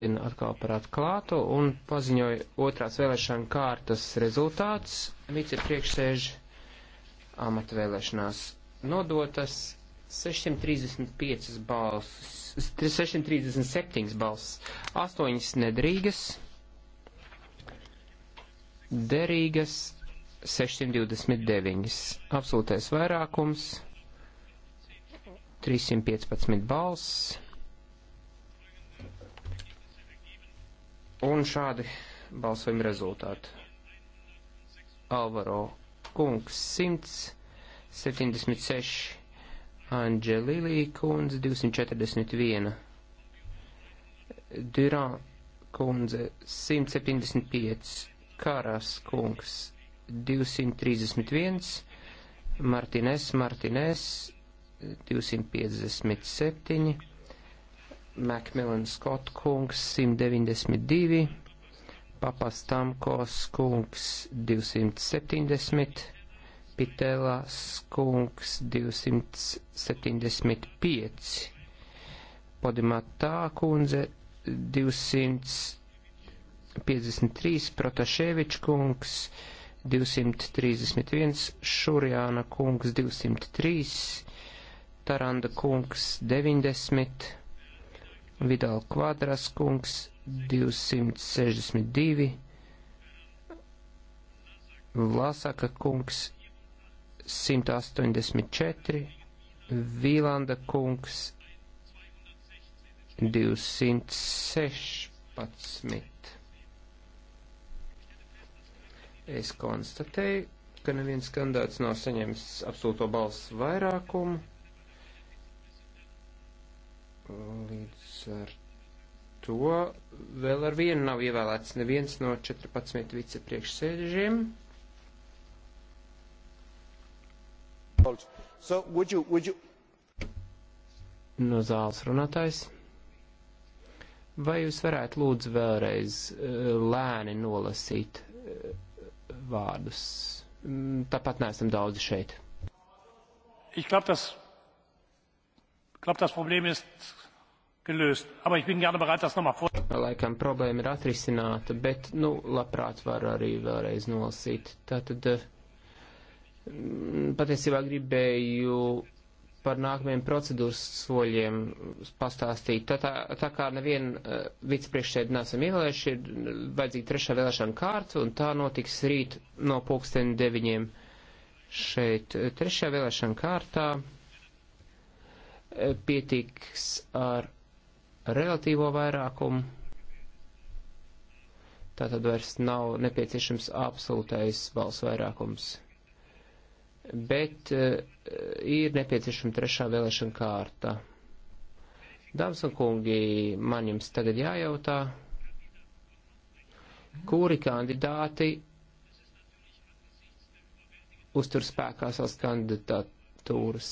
atkal par atklātu un paziņoja otrās vēlēšana kārtas rezultāts. Vicepriekšsēži amatvēlēšanās nodotas 635 balsis, 637 balsis, 8 nedrīgas, derīgas 629, absolūtais vairākums 315 balsis. Un šādi balsojuma rezultāti. Alvaro kungs 176, Anģelīlī kundze 241, Dyrā kundze 175, Karas kungs 231, Martines Martines 257, Macmillan Scott kungs 192, Papastamkos kungs 270, Pitēlās kungs 275, Podimatā kundze 253, Protaševič kungs 231, Šurjāna kungs 203, Taranda kungs 90, Vidal Kvadras kungs 262, Vlasaka kungs 184, Vīlanda kungs 216. Es konstatēju, ka neviens kandidāts nav saņēmis absolūto balsu vairākumu. Līdz ar to vēl ar vienu nav ievēlēts neviens no 14 vicepriekšsēdžiem. So, would you, would you... No zāles runātājs. Vai jūs varētu lūdzu vēlreiz eh, lēni nolasīt eh, vārdus? Mm, tāpat neesam daudzi šeit. Ich glaube, das glaube, das Problem ist gelöst. Aber ich bin gerne bereit, das nochmal vor. Laikam problēma ir atrisināta, bet, nu, labprāt var arī vēlreiz nolasīt. Tātad, eh, patiesībā gribēju par nākamajiem procedūras soļiem pastāstīt. Tā, tā, tā kā nevienu uh, eh, vicepriekšsēdi nesam ievēlējuši, ir vajadzīga trešā vēlēšana kārta, un tā notiks rīt no pulksteni deviņiem šeit. Eh, trešajā vēlēšana kārtā pietiks ar relatīvo vairākumu. Tātad vairs nav nepieciešams absolūtais balss vairākums. Bet uh, ir nepieciešama trešā vēlēšana kārta. Dāmas un kungi, man jums tagad jājautā, kuri kandidāti uztur spēkā savas kandidatūras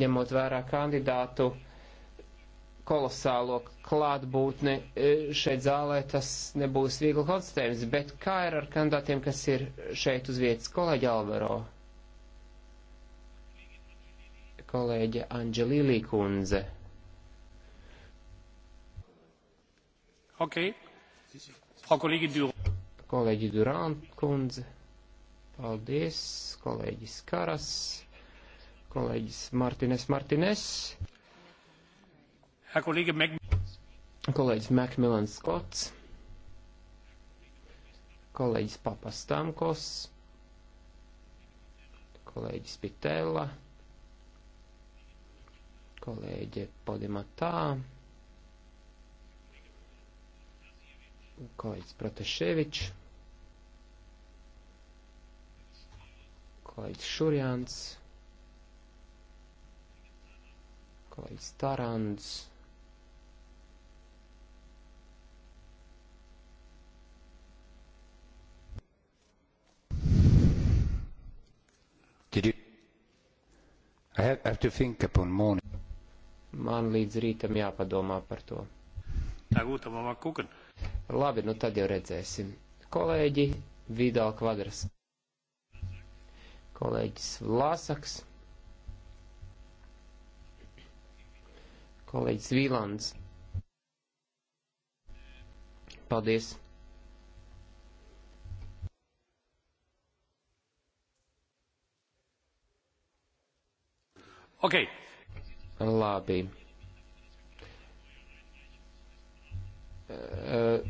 ņemot vērā kandidātu kolosālo klātbūtni e, šeit zālē, tas nebūs viegli konstatējums, bet kā ir ar kandidātiem, kas ir šeit uz vietas? Kolēģi Alvaro, kolēģe Anģelīlī kundze. Ok, Frau kolēģi Durant. Kolēģi Durant kundze. Paldies, kolēģis Karas kolēģis Martines Martines. Kolēģis Makmilans Skots. Kolēģis Papastamkos. Kolēģis Pitēla. Kolēģe Podimatā. Kolēģis Proteševičs. kolēģis Šurjāns. kolēģis Tarants. Did you... I have, have to think upon morning. Man līdz rītam jāpadomā par to. Labi, nu tad jau redzēsim. Kolēģi Vidāla kvadras. Kolēģis Lāsaks. kolēģis Vīlands. Paldies! Ok. Labi. Eh,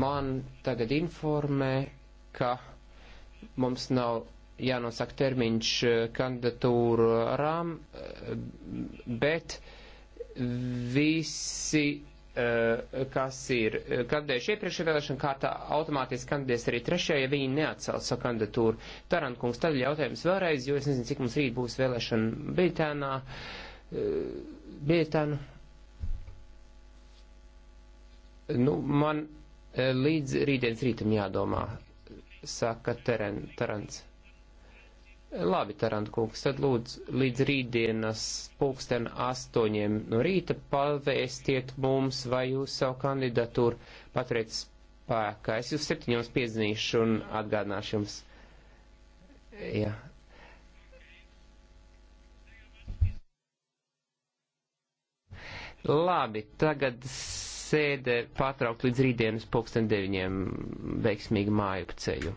man tagad informē, ka mums nav jānosaka termiņš eh, kandidatūrām, eh, bet uh, visi, eh, kas ir kandidējuši iepriekšējā vēlēšana kārtā, automātiski kandidēs arī trešajā, ja viņi neatcelt savu kandidatūru. Tarankungs, tad jautājums vēlreiz, jo es nezinu, cik mums rīt būs vēlēšana Britānā. Eh, Britānu. Nu, man eh, līdz rītdienas rītam jādomā, saka Teren, Tarants. Labi, Tarant kungs, tad lūdzu līdz rītdienas pulksten astoņiem no rīta pavēstiet mums, vai jūs savu kandidatūru paturiet spēkā. Es jūs septiņos piezvanīšu un atgādināšu jums. Jā. Labi, tagad sēde pārtraukt līdz rītdienas pulksten deviņiem veiksmīgu māju ceļu.